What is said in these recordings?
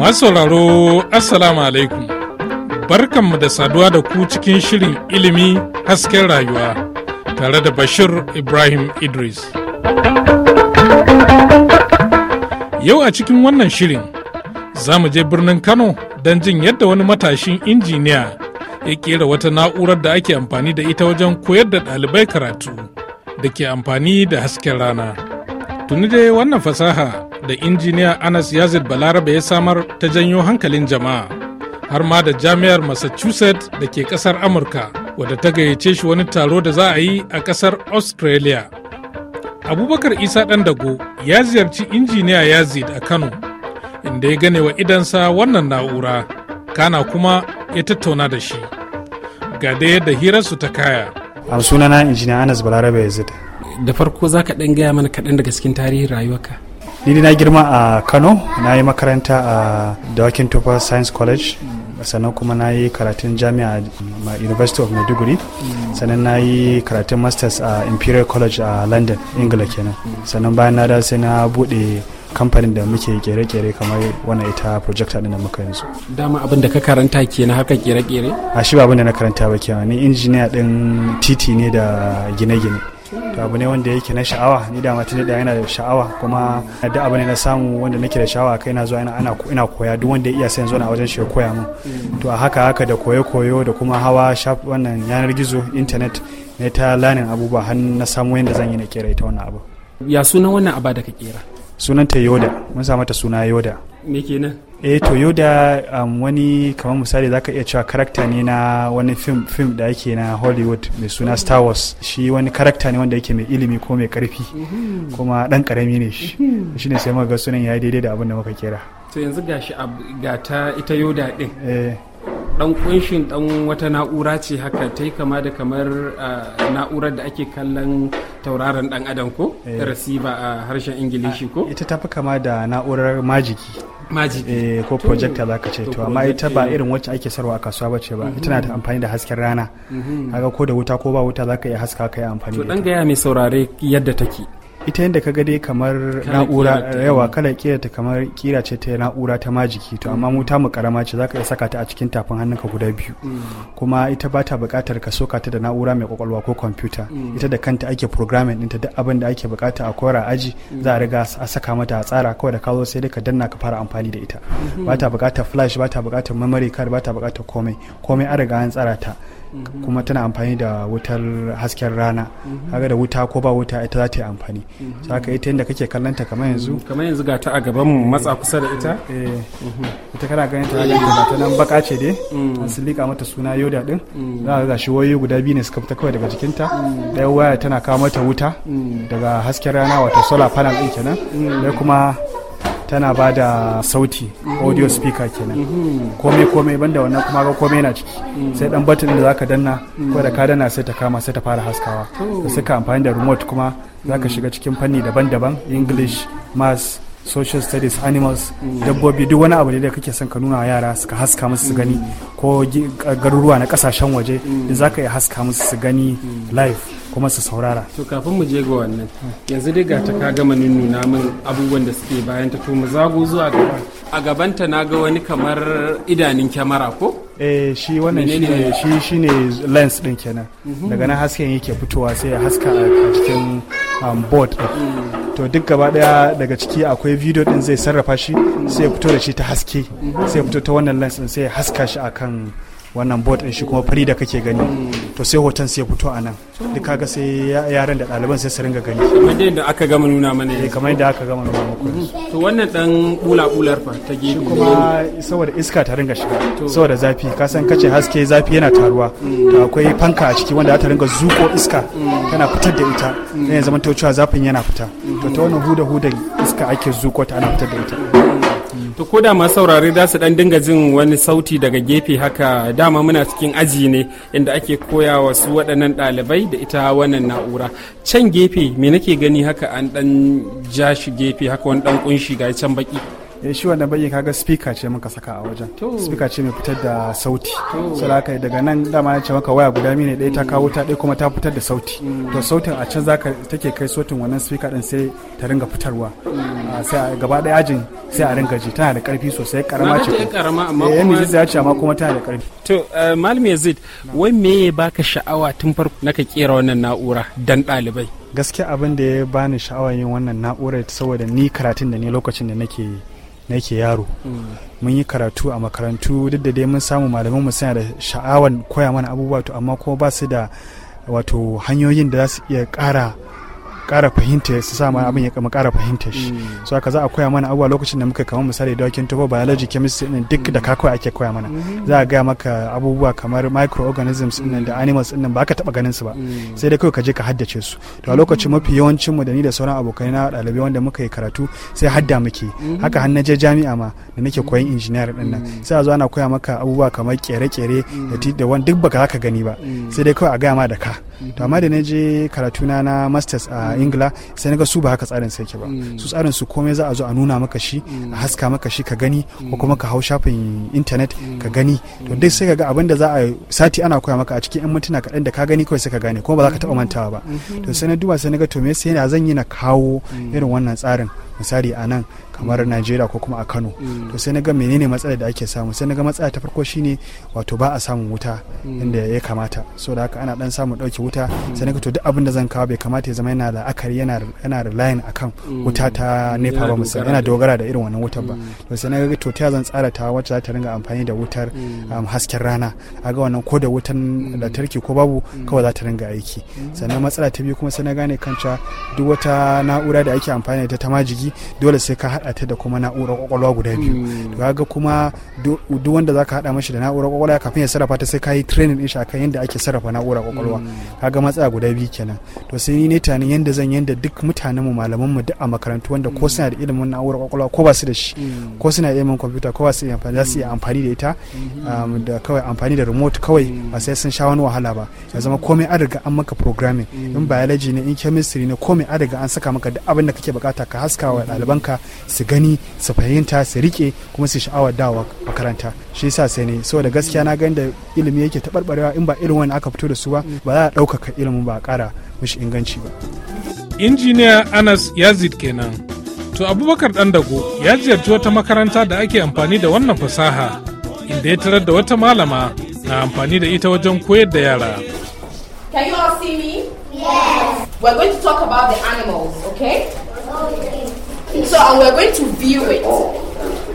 Masu sauraro Assalamu alaikum barkanmu da saduwa da ku cikin shirin ilimi hasken rayuwa tare da Bashir Ibrahim Idris. Yau a cikin wannan shirin za mu je birnin Kano don jin yadda wani matashin injiniya ya kera wata na'urar da ake amfani da ita wajen koyar da ɗalibai karatu. da ke amfani da hasken rana. Tuni dai wannan fasaha da injiniya Anas Yazid Balarabe ya samar ta janyo hankalin jama'a har ma da jami'ar Massachusetts da ke kasar Amurka wadda ta gayyace shi wani taro da za a yi a kasar Australia. Abubakar Isa dago ya ziyarci injiniya Yazid a Kano inda ya gane wa idansa wannan na'ura kana kuma ya tattauna da shi. Ga da yadda hirarsu ta kaya. a sunana injiniya anas balarabe yazid da farko za ka ɗan gaya mana kaɗan daga cikin tarihin rayuwarka ni na girma a kano na yi makaranta a dawakin tufa science college sannan kuma na yi karatun jami'a a university of maiduguri sannan na yi karatun masters a imperial college a london ingila kenan sannan bayan na da sai na bude kamfanin da muke kere-kere kamar wani ita project din da muka yanzu dama abin da ka karanta ke na haka kere-kere a shi ba abin da na karanta ba kenan ni injiniya din titi ne da gine-gine to abu ne wanda yake na sha'awa ni da matan da yana da sha'awa kuma da abu ne na samu wanda nake da sha'awa kai na zuwa ina ina koya duk wanda ya iya sai yanzu na wajen shi koya min to a haka haka da koyo koyo da kuma hawa shaf wannan yanar gizo internet ne ta lanin abubuwa har na samu yanda zan yi na kera ita wannan abu ya sunan wannan aba da ka kera sunanta yoda mun sa mata suna yoda me kenan e to yoda um, wani kamar misali zaka iya cewa karakta ne na wani film, film da yake na hollywood mai suna star wars shi wani karakta ne wanda yake mai ilimi ko mai karfi kuma dan karami ne shi shine sai muka ga sunan ya yi daidai da abin da muka kera to yanzu gashi ga ta ita yoda din ɗin. dan eh. kunshin dan wata na'ura ce haka ta yi kama da kamar na'urar da ake kallon tauraron dan adam ko eh. receiver a harshen ingilishi ko ita ta fi kama da na'urar majiki Eh, ko projector za ka ce to amma ita ba irin wacce ake sarwa a kasuwa ce ba ita na da mm-hmm. amfani da hasken rana mm-hmm. kaga ko da wuta ko ba wuta za ka iya haska ka yi amfani da ita to dan gaya mai saurare yadda take ita yadda ka gade kamar na'ura yawa kala kira ta kamar kira ce ta na'ura ta majiki to amma mu ta karama ce zaka iya saka ta a cikin tafin hannunka guda biyu mm. kuma ita ba ta buƙatar ka soka ta da na'ura mai kwakwalwa ko kwamfuta mm. ita da kanta ake programming ɗinta duk abin da ake bukata a kora aji mm. za a riga a saka mata a tsara kawai da kawo sai dai ka danna ka fara amfani da ita mm-hmm. ba ta bukatar flash ba ta buƙatar memory card ba ta buƙatar komai komai a riga an tsara ta kuma tana amfani da wutar hasken rana kaga da wuta ko ba wuta ita za ta yi amfani saka ita yadda kake kallon ta kamar yanzu kamar yanzu ga ta a gaban mu matsa kusa da ita eh, ita kana ganin ta ga ta nan baka ce dai mm. an silika mata suna yoda din mm. za ga shi wayoyi guda biyu ne suka fita kawai daga jikinta. ta mm. waya tana kawo mata wuta daga hasken rana wato solar panel din kenan kuma tana ba da sauti audio speaker kenan komai komai banda wannan kuma ga komai na ciki sai dan button da zaka danna ko da ka danna sai ta kama sai ta fara haskawa da suka amfani da remote kuma zaka shiga cikin fanni daban-daban english math. social studies animals dabbobi duk wani abu da kake son ka nuna yara suka haska musu su gani ko garuruwa na kasashen waje da za ka iya haska musu su gani live kuma su saurara to kafin mu je ga wannan yanzu dai ga ta ka gama nuna min abubuwan da suke bayan ta to mu zago zuwa gaba a gabanta na ga wani kamar idanun kyamara ko eh shi wannan shi shi shine lens din kenan mhm. daga nan hasken yake fitowa sai ya haska a cikin um, board to duk gaba daya daga ciki akwai video din zai sarrafa shi sai ya fito da shi ta haske sai ya fito ta wannan lens din sai ya haska shi akan wannan board din shi kuma fari da kake gani to sai hoton sai fito a nan duk kaga sai yaran da ɗaliban sai su ringa gani kamar yadda aka gama nuna mana eh, ne kamar yadda aka gama nuna muku to wannan dan bula bular fa ta gefe kuma saboda iska ta ringa shiga saboda zafi ka san kace haske zafi yana taruwa to akwai fanka a ciki wanda za ta ringa zuko iska tana fitar da ita ne zaman to cewa zafin yana fita to ta wannan huda hudan iska ake zuko ta ana fitar da ita To ko da masu saurare za su dan dinga jin wani sauti daga gefe haka dama muna cikin aji ne inda ake koya wa su waɗannan ɗalibai da ita wannan na'ura. Can gefe me nake gani haka an dan ja gefe haka wani dan kunshi ga can baki. ya eh, shi wanda bayyana kaga speaker ce muka saka a wajen speaker ce mai fitar da sauti sai daga nan dama na ce maka waya guda mini ɗaya ta kawo ta ɗaya kuma ta fitar da sauti mm. to sautin a can zaka take kai sautin wannan speaker din sai ta ringa fitarwa mm. ah, sai gaba ɗaya ajin sai a ringa ji tana da karfi sosai karama ce eh mu ji ce amma kuma tana da karfi to eh, malam Yazid wai me ya baka sha'awa tun farko naka kera wannan na'ura dan ɗalibai gaskiya abin da ya bani sha'awar yin wannan na'urar saboda ni karatun da ne lokacin da nake yi na ke yaro mun yi karatu a makarantu duk da dai mun samu malaman mu suna da sha'awar koya mana abubuwa to amma kuma ba su da wato hanyoyin da za su iya kara. ƙara fahimta su sa mana abin ya kama ƙara fahimta shi mm. so haka za a koya mana abubuwa lokacin da muka kama misali da dokin tubo biology chemistry din duk da ka ake koya mana mm-hmm. za a gaya maka abubuwa kamar microorganisms din da animals din ba ka taba ganin su ba mm. sai dai kawai ka je ka haddace su to a lokacin mafi yawancin mu da ni da sauran abokai na ɗalibai wanda muka yi karatu sai hadda muke mm-hmm. haka har na je jami'a ma da nake koyan injiniyar din nan mm. sai a zo ana koya maka abubuwa kamar kere-kere da duk baka ka gani ba sai dai kawai a gaya ma da ka to amma da na je karatu na na masters a mm. ingila sai naga ga su ba haka tsarin sarki ba mm. su tsarin su komai za a zo a nuna maka shi mm. a haska maka shi ka gani ko kuma ka hau shafin intanet ka gani to dai sai ka ga abin da za a sati ana koya maka a cikin yan mintuna kaɗan da ka gani kawai sai ka gane kuma ba za ka taɓa mantawa ba mm-hmm. to sai na duba sai na to me sai na zan yi na kawo irin wannan tsarin misali a nan kamar Najeriya ko kuma a Kano mm. to sai na ga menene matsalar da ake samu sai na ga matsala ta farko shine wato ba a samun wuta mm. inda ya kamata so da haka ana dan samun dauke wuta mm. sai na ga to duk abin da zan kawo bai kamata ya zama yana da akari yana yana line akan wuta ta nepa ba musamman yana dogara da irin wannan wutar ba to sai na ga to ta zan tsara ta wacce za ta ringa amfani da wutar um, hasken rana a ga wannan ko da wutan lantarki ko babu kawai za ta ringa aiki sannan matsala ta biyu kuma sai na gane kanta duk wata na'ura da ake amfani da ta ta majigi dole sai ka haɗa ta da kuma na'urar kwakwalwa guda biyu ga kuma duk wanda zaka haɗa mashi da na'urar kwakwalwa kafin ya sarrafa ta sai kayi training din shi akan yadda ake sarrafa na'urar kwakwalwa mm. kaga matsaya guda biyu kenan to sai ni ne tunanin yadda zan yadda duk mutanen mu malaman mu duk a makarantu wanda ko mm. suna da ilimin na'urar kwakwalwa ko ba su da shi mm. ko suna da ilimin kwamfuta ko ba su da su iya amfani da ita mm-hmm. um, da kawai amfani da remote kawai ba sai sun sha wani wahala ba ya zama komai an riga an maka programming in biology ne in chemistry ne komai an riga an saka maka duk abin da kake bukata ka haska wa mm-hmm. ɗalibanka su gani su fahimta su rike kuma su sha'awar dawa makaranta shi yasa sai ne saboda gaskiya na gani da ilimi yake taɓarɓarewa in ba irin wani aka fito da su ba ba za a ɗaukaka ilimin ba a ƙara mishi inganci ba. injiniya anas yazid kenan to abubakar dago ya ziyarci wata makaranta da ake amfani da wannan fasaha inda ya tarar da wata malama na amfani da ita wajen koyar da yara Can you all see me? Yes. We're going to talk about the animals, okay? So and we're going to view it.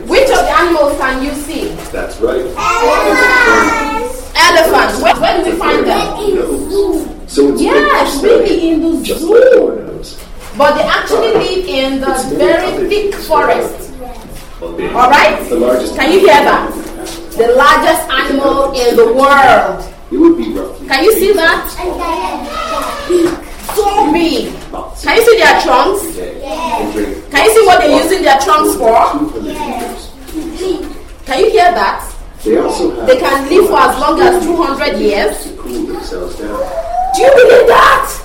Which of the animals can you see? That's right. Elephants. Elephants. Where, where do we find them? So it's yes, maybe in the zoo. But they actually live in the very thick forest. All right. The largest. Can you hear that? The largest animal in the world. It would be roughly. Can you see that? Big. So big. Can you see their trunks? Yes. Can you see what they're using their trunks for? Yes. Can you hear that? They also have They can live for as long as 200 years. Do you believe that?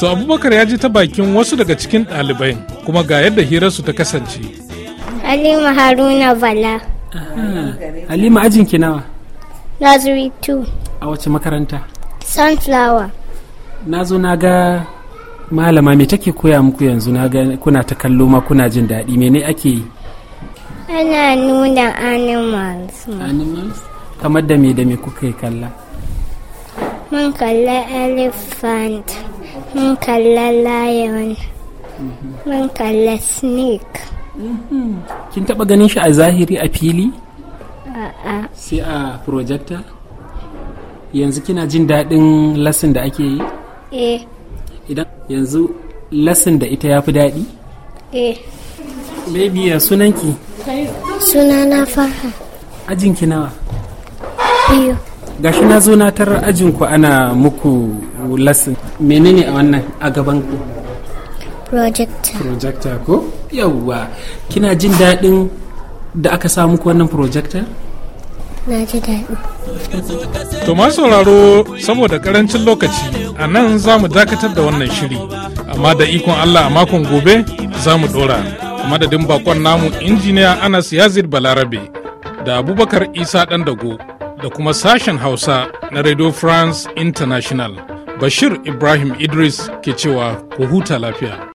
To Abubakar ya ji ta bakin wasu daga cikin ɗalibai kuma ga yadda hirarsu ta kasance. Halima Haruna Bala. Halima ajinki nawa? Nazari 2. A wace makaranta? Sunflower. na zo na ga malama me take koya muku yanzu na ga kuna ta kallo ma kuna jin daɗi ne ake yi ana nuna animals animals kamar da me da me kuka yi kalla mun kalla elephant mun kalla lion mhm. mun kalla snake mhm. kin taba ganin shi a zahiri a fili a'a sai a projector yanzu kina jin daɗin lasin da ake yi eh idan yanzu lesson da ita ya fi daɗi eh baby ya sunanki sunana farha ajinki nawa biyu gashi na zo na tarar ajinku ana muku lesson menene a wannan a gaban ku projector projector ko yawwa kina jin daɗin da aka sa muku wannan projector na ji daɗi to sauraro saboda karancin lokaci a nan za mu dakatar da wannan shiri amma da ikon allah a makon gobe za mu dora madadin bakon namu injiniya anas yazid balarabe da abubakar isa dan dago da kuma sashen hausa na radio france international bashir ibrahim idris ke cewa ku huta lafiya